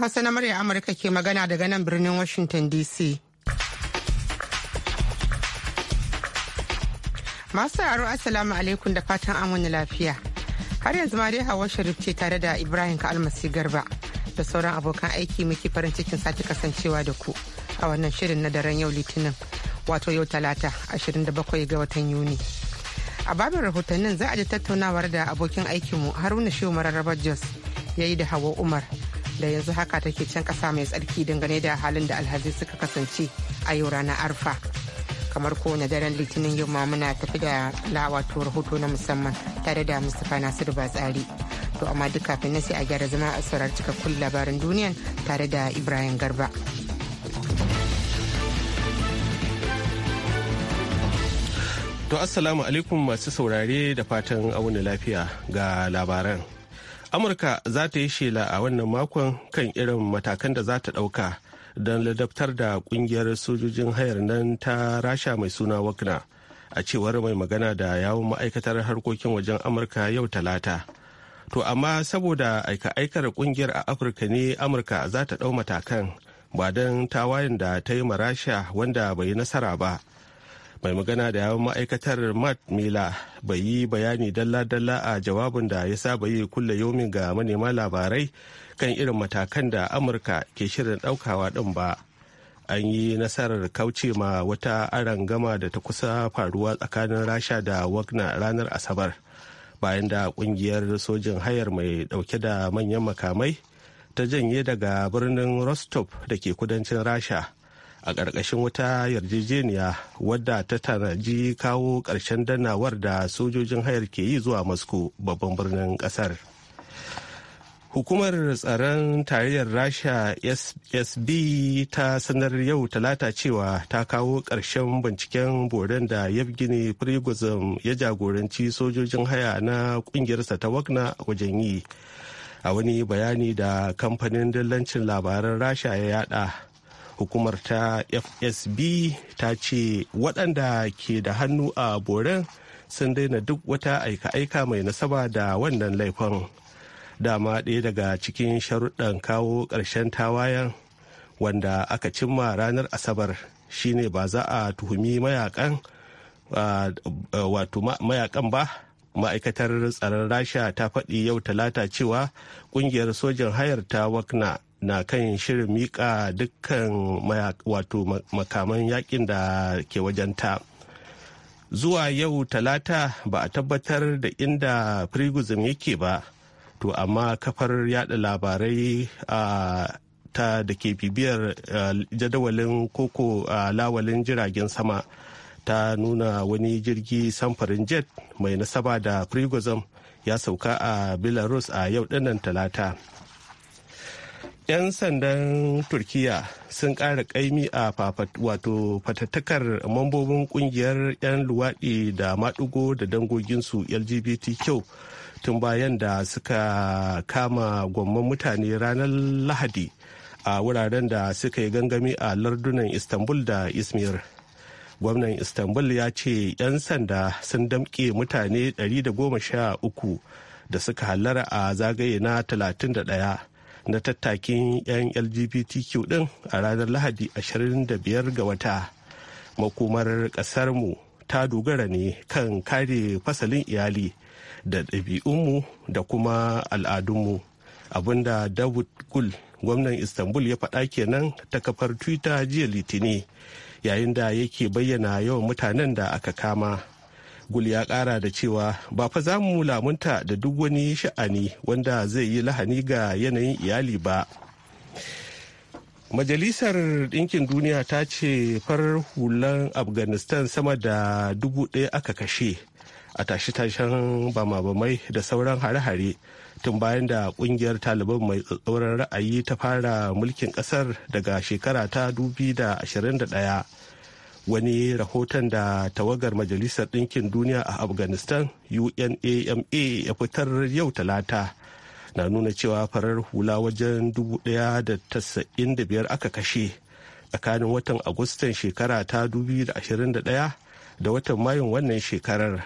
Hausa na murya Amurka ke magana daga nan birnin Washington DC. Masu aro Assalamu alaikum da fatan amuni lafiya. Har yanzu ma dai Hawa Sharif ce tare da Ibrahim Kalmasi Garba da sauran abokan aiki muke farin cikin sati kasancewa da ku a wannan shirin na daren yau Litinin wato yau Talata 27 ga watan Yuni. A babin rahotannin za a ji tattaunawar da abokin aikinmu Haruna Shehu Mararrabar Jos ya yi da Hawa Umar da yanzu haka take can kasa mai tsarki dangane da halin da alhazi suka kasance a yau ranar arfa kamar ko na daren litinin yau muna tafi da lawato rahoto na musamman tare da mustapha ba tsari to amma duk kafin na sai a gyara zama a saurar cikakkun labarin duniya tare da ibrahim garba To assalamu alaikum masu saurare da fatan auni lafiya ga labaran. amurka za ta yi shela a wannan makon kan irin matakan da za ta ɗauka don ladabtar da kungiyar sojojin hayar nan ta rasha mai suna wakna a cewar mai magana da yawon ma'aikatar harkokin wajen amurka yau talata to amma saboda aika-aikar kungiyar a afirka ne amurka za ta ɗau matakan ba don tawayen da ta yi rasha wanda bai yi nasara ba mai magana da yawon ma'aikatar matt mila bai yi bayani dalla-dalla a jawabin da ya saba yi kulle yomi ga manema labarai kan irin matakan da amurka ke shirin daukawa din ba an yi nasarar kauce ma wata aron gama da ta kusa faruwa tsakanin rasha da wagner ranar asabar bayan da kungiyar sojin hayar mai dauke da manyan makamai ta janye daga birnin rostov da ke kudancin rasha a ƙarƙashin wata yarjejeniya wadda ta tanaji kawo ƙarshen danawar da sojojin hayar ke yi zuwa moscow babban birnin ƙasar hukumar tsaron tarayyar rasha sb ta sanar yau talata cewa ta kawo ƙarshen binciken boren da yevgeny prigozhin ya jagoranci sojojin haya na ƙungiyarsa ta wakna wajen yi a wani bayani da kamfanin dillancin labaran rasha ya yada hukumar ta fsb ta ce waɗanda ke da hannu a boren sun daina duk wata aika-aika mai nasaba da wannan laifin dama ɗaya daga cikin sharuɗan kawo ƙarshen tawayan wanda aka cimma ranar asabar shine ba za a tuhumi mayakan wato mayakan ba ma'aikatar tsaron rasha ta faɗi yau talata cewa ƙungiyar sojin hayar ta wakna na kan shirin mika dukkan wato makaman yakin da ke wajenta zuwa yau talata ba a tabbatar da inda prigozhin yake ba to amma kafar yada labarai a ta da ke bibiyar jadawalin koko a lawalin jiragen sama ta nuna wani jirgi samfarin jet mai nasaba da prigozhin ya sauka a belarus a yau dinnan talata 'yan sandan turkiya sun ƙara ƙaimi a wato fatattakar mambobin ƙungiyar 'yan luwaɗi da maɗigo da dangoginsu lgbtq tun bayan da suka kama gwamman mutane ranar lahadi a wuraren da suka yi gangami a lardunan istanbul da izmir gwamnan istanbul ya ce 'yan sanda sun damƙe mutane 113 da suka hallara a zagaye na 31 na tattakin 'yan lgbtq din a ranar lahadi 25 ga wata makomar ƙasarmu ta dogara ne kan kare fasalin iyali da ɗabi'unmu da kuma al'adunmu abinda david gul gwamnan istanbul ya faɗa kenan ta kafar twitter jiya litini yayin da yake bayyana yawan mutanen da aka kama gul ya kara da cewa ba fa za mu lamunta da duk wani sha'ani wanda zai yi lahani ga yanayin iyali ba majalisar ɗinkin duniya ta ce farar hulan afghanistan sama da dubu ɗaya aka kashe a tashi-tashen bama-bamai da sauran hare-hare tun bayan da kungiyar taliban mai tsatsauran ra'ayi ta fara mulkin kasar daga shekara ta 2021 wani rahoton da tawagar majalisar ɗinkin duniya a afghanistan unama ya fitar yau talata na nuna cewa farar hula wajen 1,095 aka kashe tsakanin watan agustan shekara ta 2021 da watan mayun wannan shekarar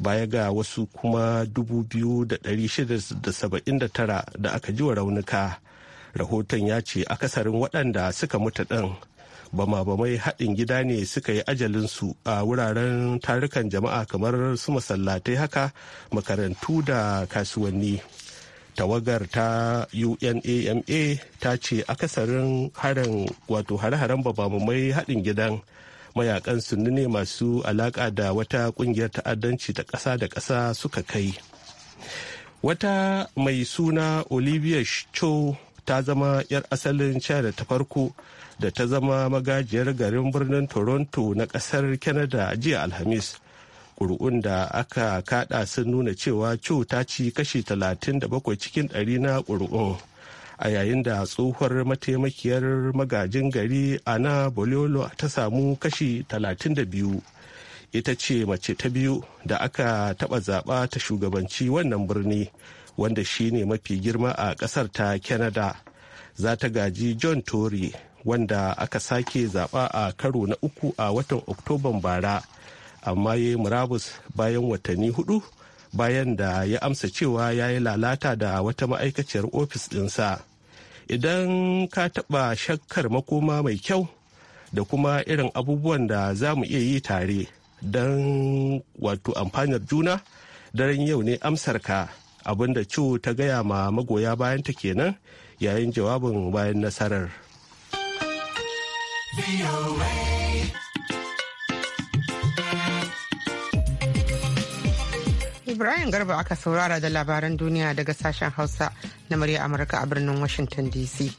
baya ga wasu kuma 2,679 da aka ji wa raunuka rahoton ya ce akasarin waɗanda suka mutu ɗin bama-bamai haɗin gida ne suka yi ajalinsu a wuraren tarukan jama'a kamar su masallatai haka makarantu da kasuwanni tawagar ta unama ta ce akasarin harin wato hare-haren babamai haɗin gidan mayakan sunni ne masu alaƙa da wata ƙungiyar ta'addanci ta ƙasa da ƙasa suka kai wata mai suna olivia cho ta zama 'yar asalin china ta farko da ta zama magajiyar garin birnin toronto na kasar canada jiya alhamis ƙuri'un da aka kada sun nuna cewa cho ta ci kashi 37 cikin 100 na kur'un a yayin da tsohuwar mataimakiyar magajin gari ana bololo ta samu kashi 32 ita ce mace ta biyu da aka taɓa zaɓa ta shugabanci wannan birni wanda shine mafi girma a kasar ta canada za ta gaji john tory wanda aka sake zaba a karo na uku a watan oktoban bara amma ya yi murabus bayan watanni hudu bayan da ya amsa cewa ya yi lalata da wata ma'aikaciyar ofis sa idan ka taɓa shakkar makoma mai kyau da kuma irin abubuwan da za mu iya yi tare don wato amfanar juna daren yau ne amsarka abinda Chu ta gaya ma magoya bayanta kenan yayin jawabin bayan nasarar. Ibrahim Garba aka saurara da labaran duniya daga sashen Hausa na murya Amurka a birnin Washington DC.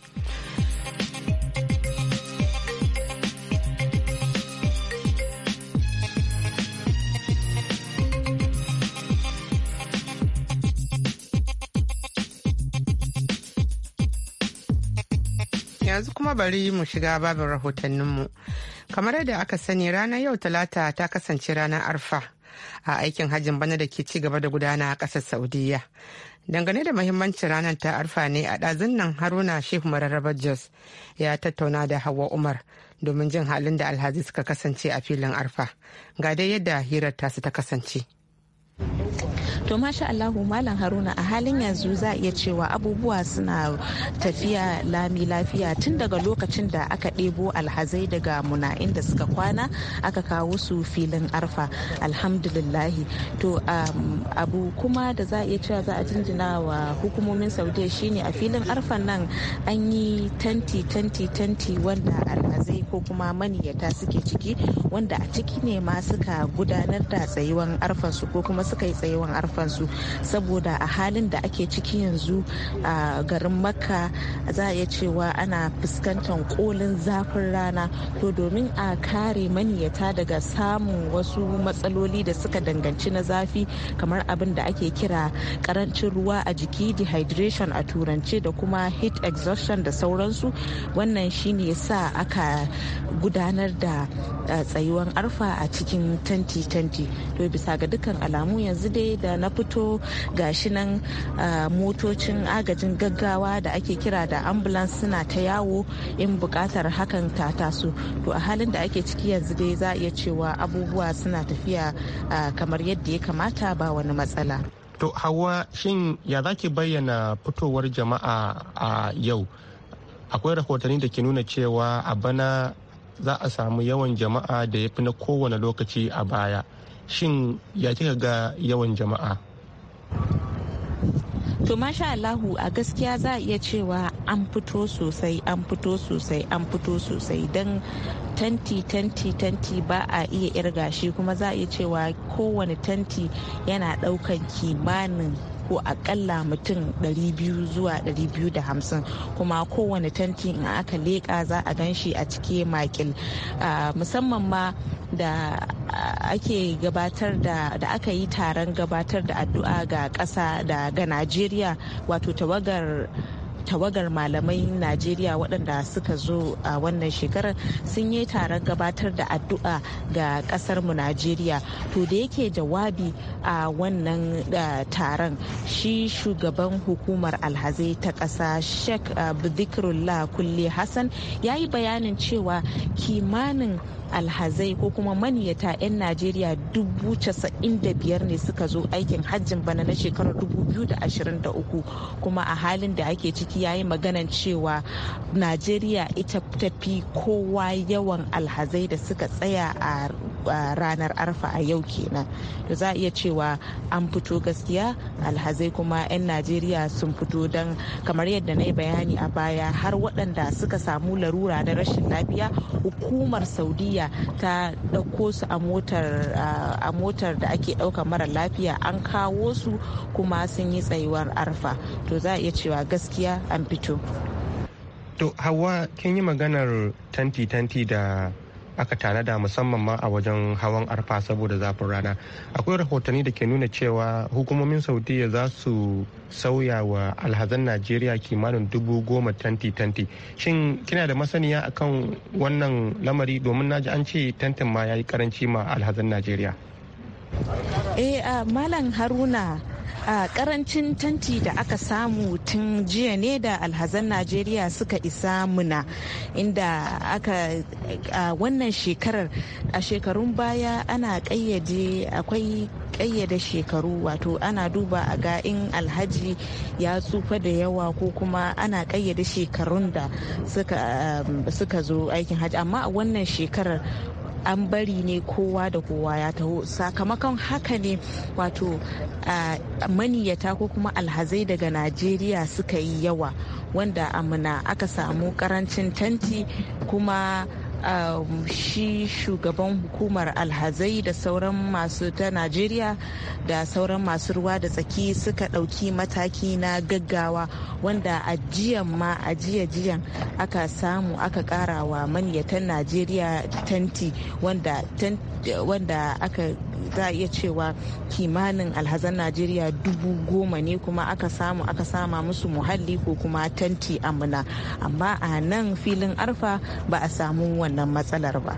kuma bari mu shiga babin rahotanninmu. Kamar yadda aka sani ranar yau talata ta kasance ranar arfa a aikin hajjin bana da ke ci gaba da gudana a ƙasar Saudiya. Dangane da mahimmancin ranar ta arfa ne a ɗazun nan Haruna sheikh Mararrabar Jos ya tattauna da Hauwa Umar domin jin halin da alhazi suka kasance a filin arfa. Ga dai yadda hirar tasu ta kasance. to masha allahu malam haruna a halin yanzu za a iya cewa abubuwa suna tafiya lami lafiya tun daga lokacin da aka ɗebo alhazai daga muna inda suka kwana aka kawo su filin arfa alhamdulillahi to um, abu kuma da za a iya cewa za a jinjina wa hukumomin saudiya shine a filin arfan nan an yi tanti tanti tanti wanda alhazai ko kuma maniyata suke ciki wanda a ciki ne ma suka gudanar da tsayuwan arfansu ko kuma suka yi tsayuwan arfansu saboda a halin da ake ciki yanzu a garin makka za a iya cewa ana fuskantar kolin zafin rana to domin a kare maniyata daga samun wasu matsaloli da suka danganci na zafi kamar abin da ake kira karancin ruwa a jiki dehydration a turance da kuma heat exhaustion da sauransu wannan shine sa aka gudanar da eh, tsayuwar arfa a cikin tanti-tanti to bisa ga dukkan alamu yanzu dai da na fito gashi nan eh, motocin agajin gaggawa da ake kira da ambulance suna ta yawo in bukatar hakan ta taso to a halin da ake ciki yanzu dai za a iya cewa abubuwa suna tafiya eh, kamar yadda ya kamata ba wani matsala To hawa shin ya zaki bayyana fitowar jama'a a yau akwai rahotanni da ke nuna cewa a bana za a samu yawan jama'a da ya fi na kowane lokaci a baya shin ya kika ga yawan jama'a to masha allahu a gaskiya za a iya cewa an fito sosai an fito sosai an fito sosai don tanti tanti tanti ba a iya irga shi kuma za a iya cewa kowane tanti yana daukan kimanin ko akalla mutum 200 zuwa da hamsin kuma kowane tanti in aka leƙa za a gan shi a cike makil ah, musamman ma da ake gabatar da aka yi taron gabatar da addu'a ga ƙasa da ga najeriya wato tawagar tawagar malamai najeriya waɗanda suka zo a wannan shekarar sun yi taron gabatar da addu'a ga ƙasarmu najeriya to da yake jawabi a wannan taron shi shugaban hukumar alhazai ta ƙasa sheikh bidikrullah kulle hassan ya yi bayanin cewa kimanin alhazai ko kuma maniyata 'yan najeriya dubu casa'in da biyar ne suka zo aikin hajjin bana na shekarar dubu biyu da ashirin da uku kuma a halin da ake ciki yayi maganan cewa najeriya ita tafi kowa yawan alhazai da suka tsaya a ranar arfa a yau kenan to za a iya cewa an fito gaskiya alhazai kuma 'yan najeriya sun fito don kamar yadda na yi bayani a baya har waɗanda suka samu larura na rashin lafiya hukumar saudiya lafiya ta ɗauko su a motar da ake ɗauka mara lafiya an kawo su kuma sun yi tsayuwar arfa to za a iya cewa gaskiya an fito to hawa kin yi maganar tanti-tanti da aka tanada musamman ma a wajen hawan arfa saboda zafin rana akwai rahotanni da ke nuna cewa hukumomin saudiya za su sauya wa alhazan najeriya kimanin dubu goma tanti tanti shin kina da masaniya akan wannan lamari domin na ji an ce tantin ma ya yi karanci ma alhazan najeriya eh malam haruna A karancin tanti da aka samu tun jiya ne da alhazan najeriya suka isa muna inda aka a wannan shekarar a shekarun baya ana kayyade akwai kayyade shekaru wato ana duba a ga in alhaji ya tsufa da yawa ko kuma ana kayyade shekarun da um, suka zo aikin hajji amma a wannan shekarar an bari ne kowa da kowa ya taho sakamakon haka ne wato maniyyata ko kuma alhazai daga najeriya suka yi yawa wanda amina aka samu karancin tanti kuma Um, shi shugaban hukumar alhazai da sauran masu ta najeriya da sauran masu ruwa da tsaki suka ɗauki mataki na gaggawa wanda ajiyan ma ajiya jiyan aka samu aka ƙara wa manyatan najeriya tanti wanda wanda aka za iya cewa kimanin alhazan najeriya dubu goma ne kuma aka samu aka sama musu muhalli ko kuma tanti amina amma a nan filin arfa ba a samu wani wannan matsalar ba.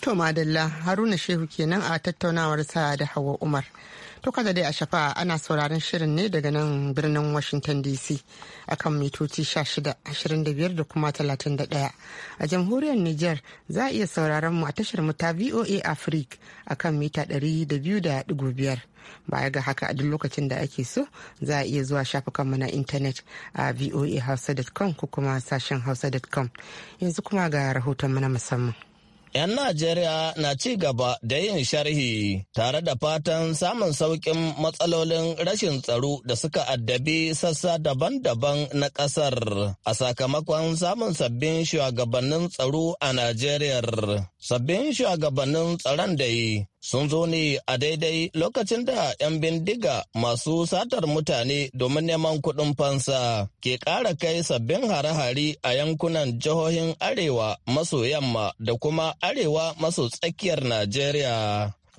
To Madalla Haruna Shehu kenan a tattaunawar sa da Hawa Umar. To kada dai a shafa ana sauraron shirin ne daga nan birnin Washington DC akan mitoci 16-25 da kuma 31. A jamhuriyar Nijar za a iya sauraron mu a tashar mu ta VOA Africa akan mita 200.5. baya ga haka a duk lokacin da ake so za a iya zuwa shafukanmu na intanet a voahausa.com ko kuma sashen hausa.com yanzu kuma ga rahoton na musamman 'Yan Najeriya na ci gaba da yin sharhi tare da fatan samun sauƙin matsalolin rashin tsaro da suka addabi sassa daban-daban na ƙasar a sakamakon samun sabbin shugabannin tsaro a Najeriya. Sabbin shugabannin tsaron da yi sun zo ne a daidai lokacin da 'yan bindiga masu satar mutane domin neman kuɗin fansa ke ƙara kai sabbin hare-hare a yankunan jihohin Arewa maso yamma da kuma Arewa maso tsakiyar Najeriya.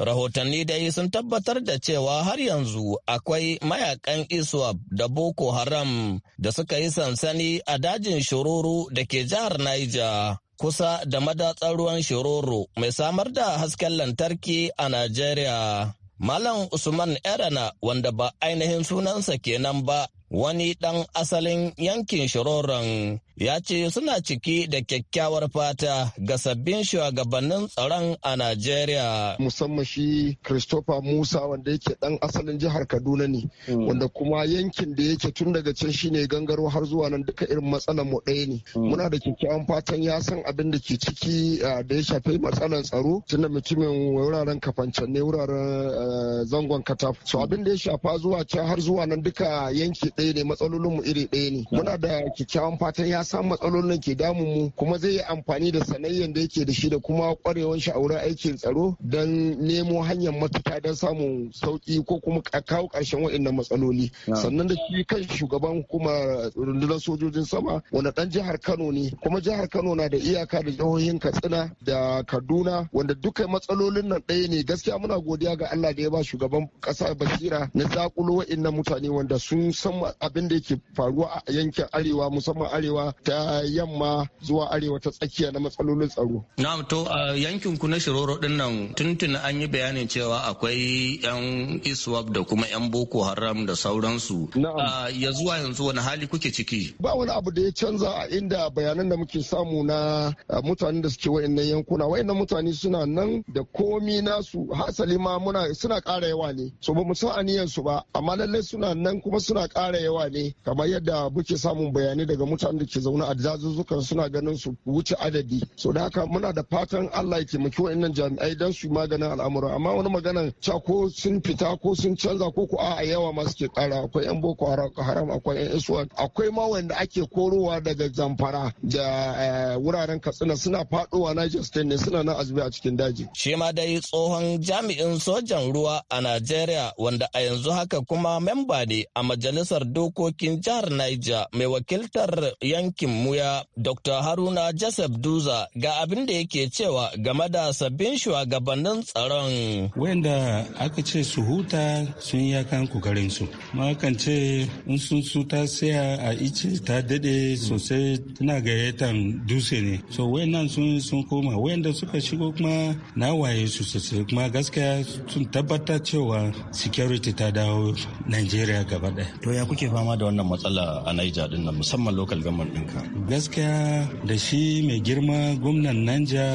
Rahotanni dai sun tabbatar da cewa har yanzu akwai mayakan ISWAP da Boko Haram da suka yi sansani a dajin shururu da ke jihar Niger kusa da madatsar ruwan Shiroro mai samar da hasken lantarki a Najeriya. Malam Usman Erana wanda ba ainihin sunansa kenan ba wani ɗan asalin yankin shiroron ya ce suna ciki da kyakkyawar fata ga sabbin shugabannin tsaron a Najeriya. Musamman shi Christopher Musa wanda yake ɗan asalin jihar Kaduna ne, hmm. wanda kuma yankin da yake tun daga can shine gangaro har zuwa nan duka irin matsalar mu ɗaya ne. Hmm. Muna da kyakkyawan fatan ya san abin da ke ciki da ya shafi matsalar tsaro tunda mutumin wuraren kafancan ne wuraren eh, zangon kataf. So abin da ya shafa zuwa can har zuwa nan duka yanki ɗaya ne matsalolin mu iri ɗaya ne muna da kyakkyawan fatan ya san matsalolin ke damun mu kuma zai yi amfani da sanayyar da yake da shi da kuma kwarewan shi a wurin aikin tsaro don nemo hanyar mafita don samun sauki ko kuma a kawo ƙarshen waɗannan matsaloli sannan da shi kan shugaban kuma rundunar sojojin sama wanda ɗan jihar Kano ne kuma jihar Kano na da iyaka da jihohin Katsina da Kaduna wanda duka matsalolin nan ɗaya ne gaskiya muna godiya ga Allah da ya ba shugaban ƙasa basira na zakulo waɗannan mutane wanda sun san musamman abin da yake faruwa a yankin arewa musamman arewa ta yamma zuwa arewa ta tsakiya na matsalolin tsaro. Na'am to a yankin ku na Shiroro din nan tuntun an yi bayanin cewa akwai yan ISWAP da kuma yan Boko Haram da sauransu. Na'am. ya zuwa yanzu wani hali kuke ciki? Ba wani abu da ya canza a inda bayanan da muke samu na mutanen da suke wayannan yankuna wayannan mutane suna nan da komi nasu hasali ma muna suna ƙara yawa ne so ba mu san aniyan su ba amma lallai suna nan kuma suna ƙara ƙara yawa ne kamar yadda muke samun bayanai daga mutanen da ke zaune a dazuzzukan suna ganin su wuce adadi so da haka muna da fatan Allah ya taimaki wa'annan jami'ai don su maganin al'amura amma wani magana cewa ko sun fita ko sun canza ko ko a yawa ma suke ƙara akwai yan boko haram akwai yan iswan akwai ma wanda ake korowa daga zamfara da eh, wuraren katsina suna faɗowa Niger State ne suna nan azumi a cikin daji. Shi ma dai tsohon jami'in sojan ruwa a Najeriya wanda a yanzu haka kuma memba ne a majalisar dokokin jihar Niger mai wakiltar yankin Muya Dr. Haruna Joseph Duza ga abin da yake cewa game da sabbin shugabannin tsaron. Wanda aka ce su huta sun yi kan kokarin su. Ma ce in sun su ta siya a ice ta dade sosai tana gayyatan dutse ne. So wayannan sun sun koma wayanda suka shigo kuma na waye su sosai kuma gaskiya sun tabbata cewa security ta dawo Nigeria gaba daya. To kuke fama da wannan matsala a naija din nan musamman local government ɗinka? Gaskiya da shi mai girma gwamnan nanja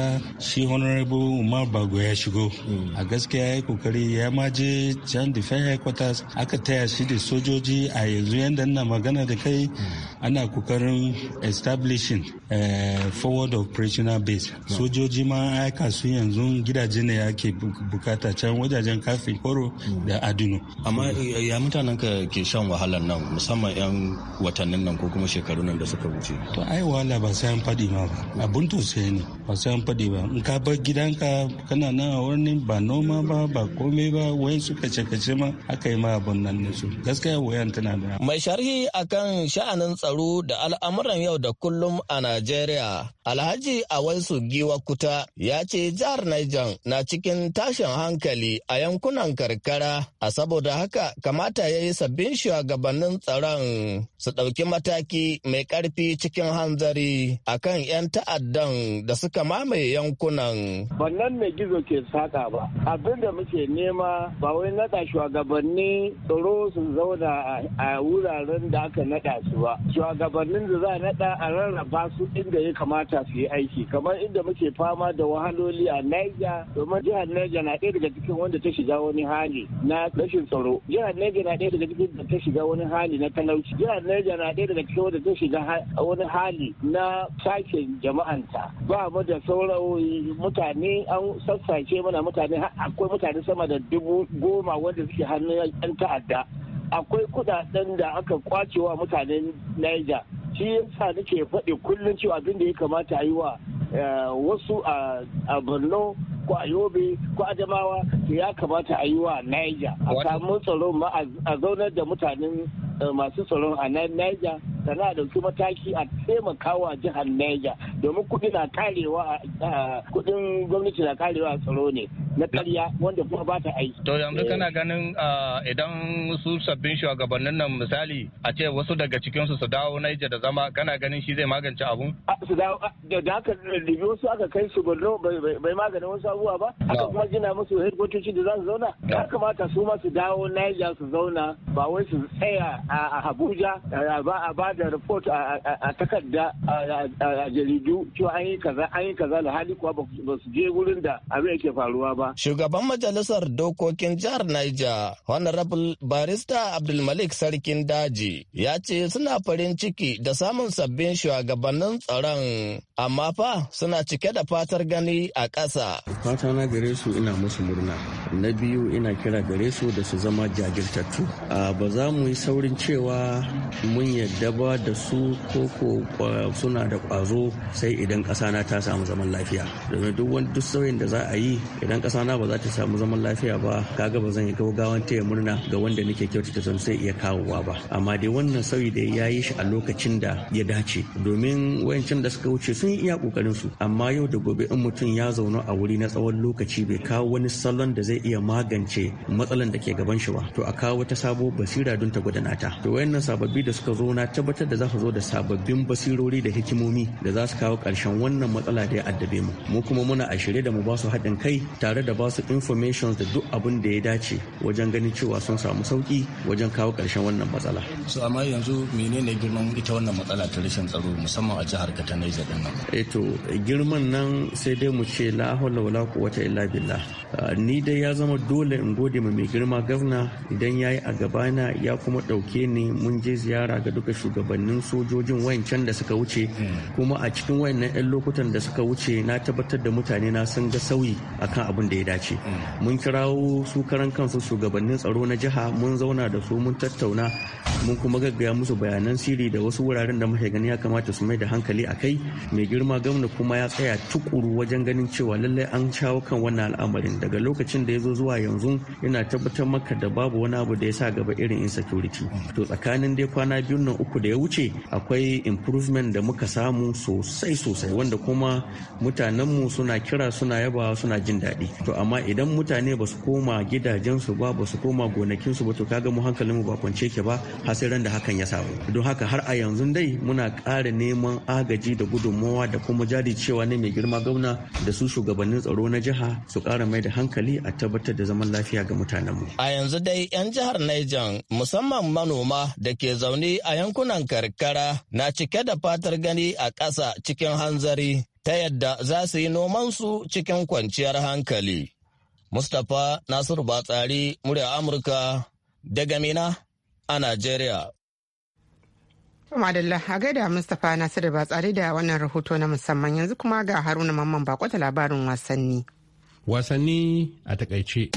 shi honorable Umar Bago ya shigo. Hmm. A gaskiya ya yi kokari ya ma je can defense headquarters aka taya shi da sojoji a yanzu yadda na magana da kai hmm. ana kokarin establishing eh, forward operational base. Hmm. Sojoji ma aika su yanzu gidaje ne ake bukata can wajajen kafin koro da adino. Amma ya mutanen ka ke shan wahalar nan musamman 'yan watannin nan ko kuma shekaru nan da suka wuce. To ai wala ba sai an ma ba abun to sai ne ba sai an faɗi ba in ka bar gidanka kana nan a wani ba noma ba ba komai ba wayan kace kace ma aka yi ma abun nan ne su gaskiya wayan tana da. Mai sharhi akan sha'anin tsaro da al'amuran yau da kullum a Najeriya Alhaji Awaisu Giwa Kuta ya ce jihar Niger na cikin tashin hankali a yankunan karkara a saboda haka kamata ya yi sabbin shugabannin Nin tsaron su ɗauki mataki mai ƙarfi cikin hanzari a kan 'yan ta'addan da suka mamaye yankunan. Bannan mai gizo ke saka ba. Abin da muke nema ba wai naɗa shugabanni tsaro su zauna a wuraren da aka naɗa su ba. Shugabannin da za a naɗa a rarraba su inda ya kamata su yi aiki. Kamar inda muke fama da wahaloli a Niger domin jihar Niger na ɗaya daga cikin wanda ta shiga wani hali na rashin tsaro. Jihar Niger na ɗaya daga cikin da ta shiga wani hali na talauci jihar Niger na ɗaya daga cikin wanda ta shiga wani hali na sake jama'anta ba mu da saurayi mutane an sassace mana mutane akwai mutane sama da dubu goma wanda suke hannun yan ta'adda akwai kudaden da aka kwacewa mutanen Niger shi yasa nake faɗi kullum cewa abin da ya kamata a yi wa eh, wasu a Borno ko a yobe ko adamawa ya kamata a yi wa niger a samu tsaro ma a zaunar da mutanen Eh, masu tsaron a Niger sana da su mataki a taimakawa jihar Niger domin kuɗi na karewa kuɗin gwamnati na karewa a tsaro ne na karya wanda kuma ba ta aiki. To yanzu eh. kana ganin ah, idan su sabbin shugabannin nan misali a ce wasu daga cikinsu su dawo Niger da zama kana ganin shi zai magance abun? Su dawo da haka ribi wasu aka kai su Borno bai maganin wasu abubuwa ba aka kuma gina musu headquarters da za su zauna ya kamata su ma su dawo Niger su zauna ba wai su tsaya a Abuja a ba da report a takarda a jaridu cewa an yi kaza an yi kaza da hali kuwa ba su je wurin da abin yake faruwa ba Shugaban majalisar dokokin jihar Niger, Honorable Barista Abdulmalik Sarkin Daji, ya ce suna farin ciki da samun sabbin shugabannin tsaron, amma fa suna cike da fatar gani a ƙasa. Fata na gare su ina musu murna. Na biyu ina kira gare su da su zama jajirtattu. Ba za mu yi saurin cewa mun yadda ba da su koko suna da ƙwazo sai idan ƙasa na ta samu zaman lafiya. Domin duk wani duk sauyin da za a yi idan ƙasa ƙasa ba za ta samu zaman lafiya ba kaga ba zan yi gaugawan taya murna ga wanda nake kyautata zan sai iya kawowa ba amma dai wannan sauyi da ya yi shi a lokacin da ya dace domin wayancin da suka wuce sun yi iya kokarin su amma yau da gobe in mutum ya zauna a wuri na tsawon lokaci bai kawo wani salon da zai iya magance matsalan da ke gaban shi ba to a kawo wata sabo basira don ta gudana ta to wayannan sababbi da suka zo na tabbatar da za su zo da sababbin basirori da hikimomi da za su kawo ƙarshen wannan matsala da ya addabe mu mu kuma muna a shirye da mu ba su haɗin kai tare tare da basu informations da duk abin da ya dace wajen ganin cewa sun samu sauki wajen kawo ƙarshen wannan matsala. So amma yanzu menene girman ita wannan matsala ta rashin tsaro musamman a jihar ka din nan? Eh girman nan sai dai mu ce la hawla wala quwwata illa billah. Ah, ni dai ya zama dole in gode ma mai girma gwamna idan yayi a gabana ya kuma ɗauke ni mun je ziyara ga duka shugabannin sojojin wayancan da suka wuce hmm. kuma a cikin wayannan 'yan lokutan da suka wuce na tabbatar da mutane na sun ga sauyi akan abin da ya dace mm. mun kirawo su karan kansu shugabannin tsaro na jiha mun zauna da su mun tattauna mun kuma gaggaya musu bayanan sirri da wasu wuraren da muke gani ya kamata su mai da hankali a kai mai girma gwamna kuma ya tsaya tukuru wajen ganin cewa lallai an shawo kan wannan al'amarin daga lokacin da ya zo zuwa yanzu yana tabbatar maka da babu wani abu da ya sa gaba irin insecurity mm. to tsakanin dai kwana biyu nan uku da ya wuce akwai improvement da muka samu sosai sosai wanda kuma mutanenmu suna kira suna yabawa suna jin daɗi to amma idan mutane ba su koma gidajensu ba ba su koma gonakinsu ba to kaga mu hankalin mu ba kwance ke ba hasiran da hakan ya samu don haka har a yanzu dai muna ƙara neman agaji da gudunmowa da kuma cewa ne mai girma gwamna da su shugabannin tsaro na jiha su ƙara mai da hankali a tabbatar da zaman lafiya ga mutanenmu. A yanzu dai 'yan jihar Niger musamman manoma da ke zaune a yankunan karkara na cike da fatar gani a ƙasa cikin hanzari ta yadda za su yi nomansu cikin kwanciyar hankali. Mustapha Nasir Batsari, murya Amurka, daga Mina a Najeriya. Madalla a gaida Mustapha Nasir Batsari da wannan rahoto na musamman yanzu kuma ga Haruna Mamman Bako da labarin wasanni. Wasanni a takaice.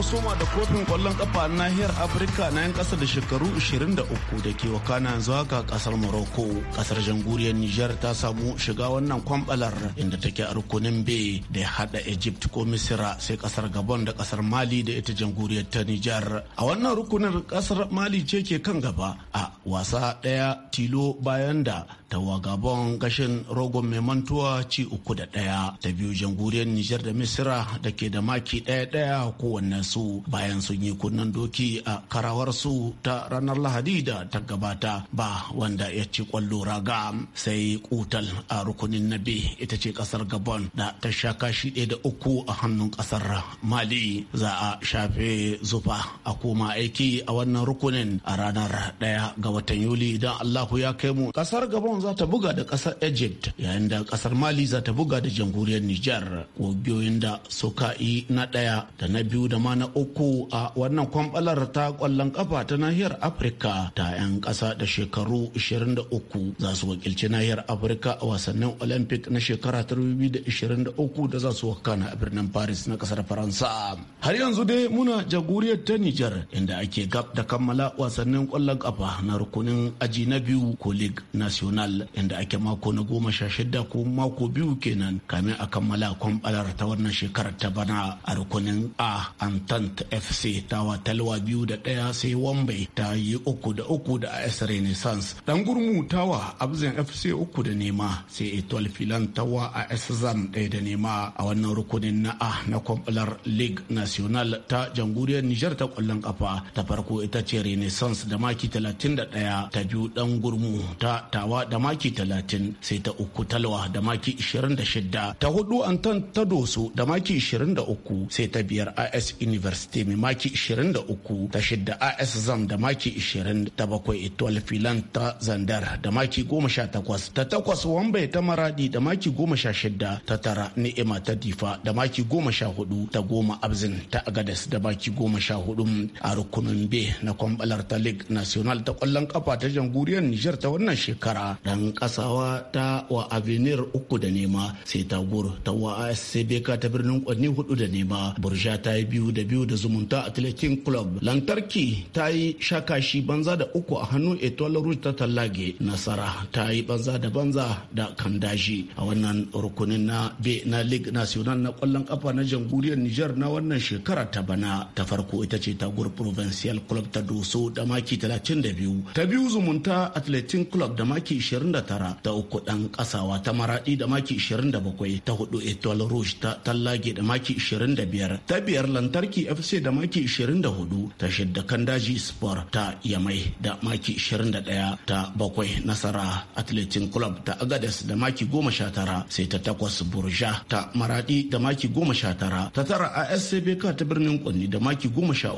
mu soma da kofin kwallon kafa nahiyar Afirka na yan kasa da shekaru 23 da ke wakana yanzu haka kasar Morocco. Kasar janguriyar Niger ta samu shiga wannan kwambalar inda take a rukunin B da ya hada Egypt ko Misira sai kasar Gabon da kasar Mali da ita janguriyar ta Niger A wannan rukunin kasar Mali ce ke kan gaba a wasa daya tilo bayan da ta wagabon gashin rogon mai mantuwa ci uku da ɗaya ta biyu jamhuriyar nijar da misira da ke da maki ɗaya ɗaya kowanne su bayan sun yi kunnen doki a karawar su ta ranar lahadi da ta gabata ba wanda ya ci kwallo raga sai kutal a rukunin nabi ita ce kasar gabon da ta sha kashi ɗaya da uku a hannun kasar mali za a shafe zufa a koma aiki a wannan rukunin a ranar ɗaya ga watan yuli idan allahu ya kai mu kasar gabon za ta buga da kasar Egypt yayin da kasar Mali za ta buga da jamhuriyar Nijar. Gobiyoyin da suka yi na ɗaya da na biyu da ma na uku a wannan kwambalar ta kwallon kafa ta nahiyar Afirka ta 'yan kasa da shekaru 23 za su wakilci nahiyar Afirka a wasannin Olympic na shekara 2023 da za su wakana a birnin Paris na kasar Faransa. Har yanzu dai muna jagoriyar ta Nijar inda ake gab da kammala wasannin kwallon kafa na rukunin aji na biyu ko League National akalla inda ake mako na goma sha shida ko mako biyu kenan kamin a kammala kwambalar ta wannan shekarar ta bana a rukunin a antant fc tawa talwa biyu da ɗaya sai wambai ta yi uku da uku da as renaissance dan gurmu tawa abzin fc uku da nema sai etoile filan tawa a as zan ɗaya da nema a wannan rukunin na a na kwambalar league national ta jamhuriyar nijar ta kwallon kafa ta farko ita ce renaissance da maki talatin da ɗaya ta biyu dan gurmu ta tawa da maki 30 sai ta uku talwa da maki 26 ta hudu antan ta doso da maki 23 sai ta biyar is university mai maki 23 ta shidda is zam da maki 20 ta bakwai etoile filan ta zandar da maki 18 ta takwas wambai ta maradi da maki 16 ta tara ni'ima ta difa da maki 14 ta goma abzin ta agadas da maki 14 a rukunin b na kwambalar ta league national ta kwallon kafa ta jamhuriyar niger ta wannan shekara dan kasawa ta wa avenir uku da nema sai tagur ta wa asc beka ta birnin kwanni hudu da nema burja ta yi biyu da biyu da zumunta athletic club lantarki ta yi shakashi banza da uku a hannun etoile ta tallage nasara ta yi banza da banza da kandaji a wannan rukunin na be na league national na kwallon kafa na jamhuriyar niger na wannan shekara ta bana ta farko ita ce gur provincial club ta doso da maki 32 ta biyu zumunta athletic club da maki 29 ta uku dan kasawa ta maradi da maki 27 ta hudu etoile rouge ta tallage da maki 25 ta biyar lantarki fc da maki 24 ta shidda kan daji sport ta yamai da maki 21 ta bakwai nasara athletic club ta agades da maki 19 sai ta takwas burja ta maradi da maki 19 ta tara ascbk ta birnin kwanni da maki 13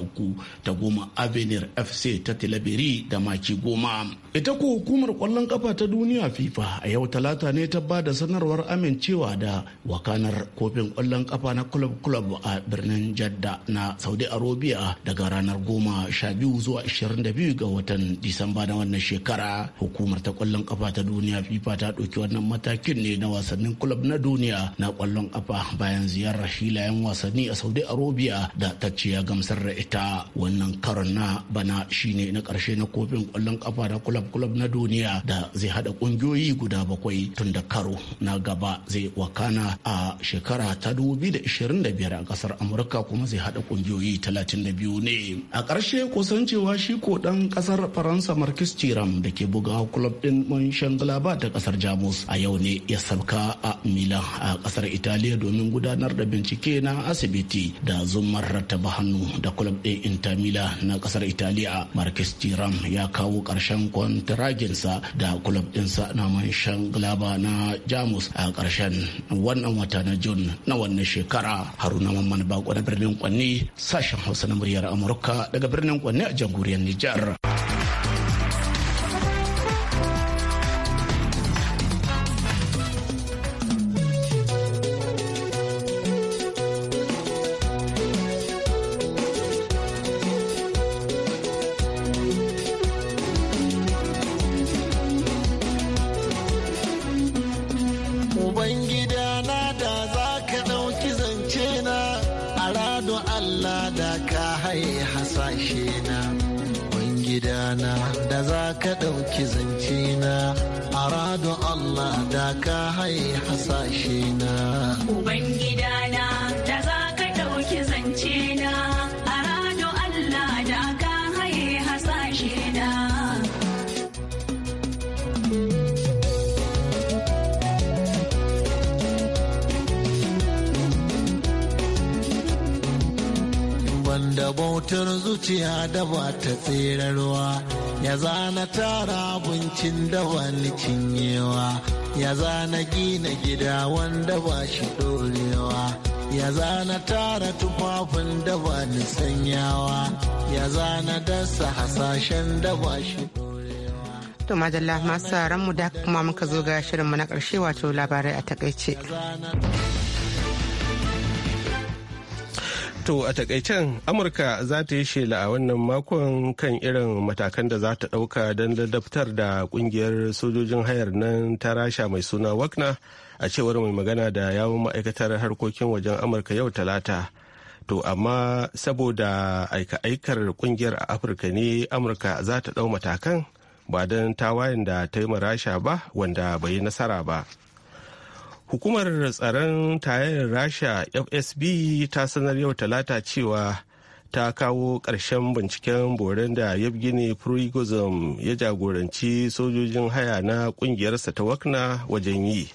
ta goma avenir fc ta tilabiri da maki 10 ita ko hukumar kwallon kafa ta duniya fifa a yau talata ne ta ba da sanarwar amincewa da wakanar kofin kwallon kafa na club club a birnin jadda na saudi arabia daga ranar goma sha biyu zuwa ashirin da biyu ga watan disamba na wannan shekara hukumar ta kwallon kafa ta duniya fifa ta ɗauki wannan matakin ne na wasannin club na duniya na kwallon kafa bayan ziyarar filayen wasanni a saudi arabia da ta ce ya gamsar da ita wannan karon na bana shine na ƙarshe na kofin kwallon kafa na club club na duniya da zai hada kungiyoyi guda bakwai tun da karo na gaba zai wakana a shekara ta 2025 a kasar amurka kuma zai hada kungiyoyi 32 ne a ƙarshe kusan cewa shi ko dan kasar faransa marcus tiram da ke buga club din galaba ta kasar jamus a yau ne ya sabka a mila a kasar italiya domin gudanar da bincike na asibiti da zumar rattaba hannu da club din inter milan na kasar italiya marcus tiram ya kawo ƙarshen kwantaraginsa da club club ɗinsa na manshan glaba na jamus a ƙarshen wannan wata na jun na wannan shekara haruna mamman bako na birnin kwanni sashen hausa na muryar amurka daga birnin kwanni a jamhuriyar nijar cutar zuciya da ba ta tserarwa ya zana tara abincin da ba ni cinyewa ya zana gina gida wanda ba shi dorewa ya zana tara tufafin da ba ni sanyawa ya zana dasa hasashen da ba shi To madalla masu ranmu da kuma muka zo ga shirinmu na ƙarshe wato labarai a takaice. To a takaicen Amurka za ta yi shela a wannan makon kan irin matakan da za ta ɗauka don ladabtar da kungiyar sojojin hayar nan ta rasha mai suna Wakna a cewar mai magana da yawon ma'aikatar harkokin wajen Amurka yau talata. To amma saboda aika-aikar kungiyar a Afirka ne Amurka za ta ɗau matakan ba don tawayen da ta yi rasha ba wanda bai yi nasara ba. hukumar tsaron tayar rasha fsb ta sanar yau talata cewa ta kawo ƙarshen binciken boren da yevgeny prigozhin ya jagoranci sojojin haya na ƙungiyarsa ta wakna wajen yi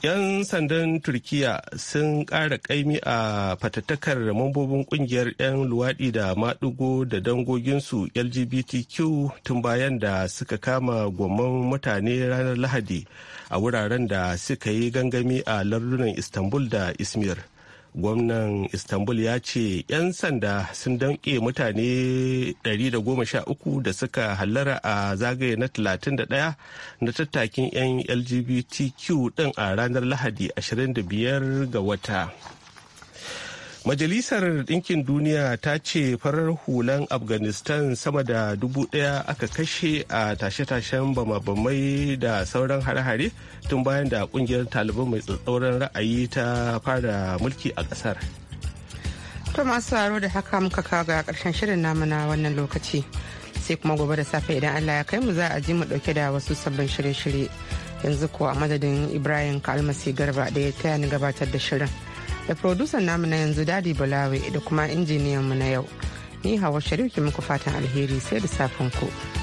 'Yan sandan Turkiya sun ƙara ƙaimi a fatattakar mambobin ƙungiyar 'yan luwaɗi da maɗigo da dangoginsu LGBTQ tun bayan da suka kama gwamman mutane ranar Lahadi a wuraren da suka yi gangami a lardunan Istanbul da Izmir. gwamnan istanbul ya ce 'yan sanda sun danƙe mutane 113 da suka hallara a zagaye na 31 na tattakin 'yan lgbtq din a ranar lahadi 25 ga wata majalisar ɗinkin duniya ta ce farar hulan afghanistan sama da dubu ɗaya aka kashe a tashe-tashen bama da sauran hare-hare tun bayan da ƙungiyar taliban mai tsatsauran ra'ayi ta fara mulki a ƙasar to masu da haka muka kawo ga karshen shirin namu wannan lokaci sai kuma gobe da safe idan Allah ya kai mu za a ji mu dauke da wasu sabbin shirye-shirye yanzu kuwa a madadin Ibrahim Kalmasi Garba da ya taya ni gabatar da shirin. da producer namu na yanzu dadi balawe da kuma injiniyan mu na yau ni hawa sharif ke muku fatan alheri sai da safin ku.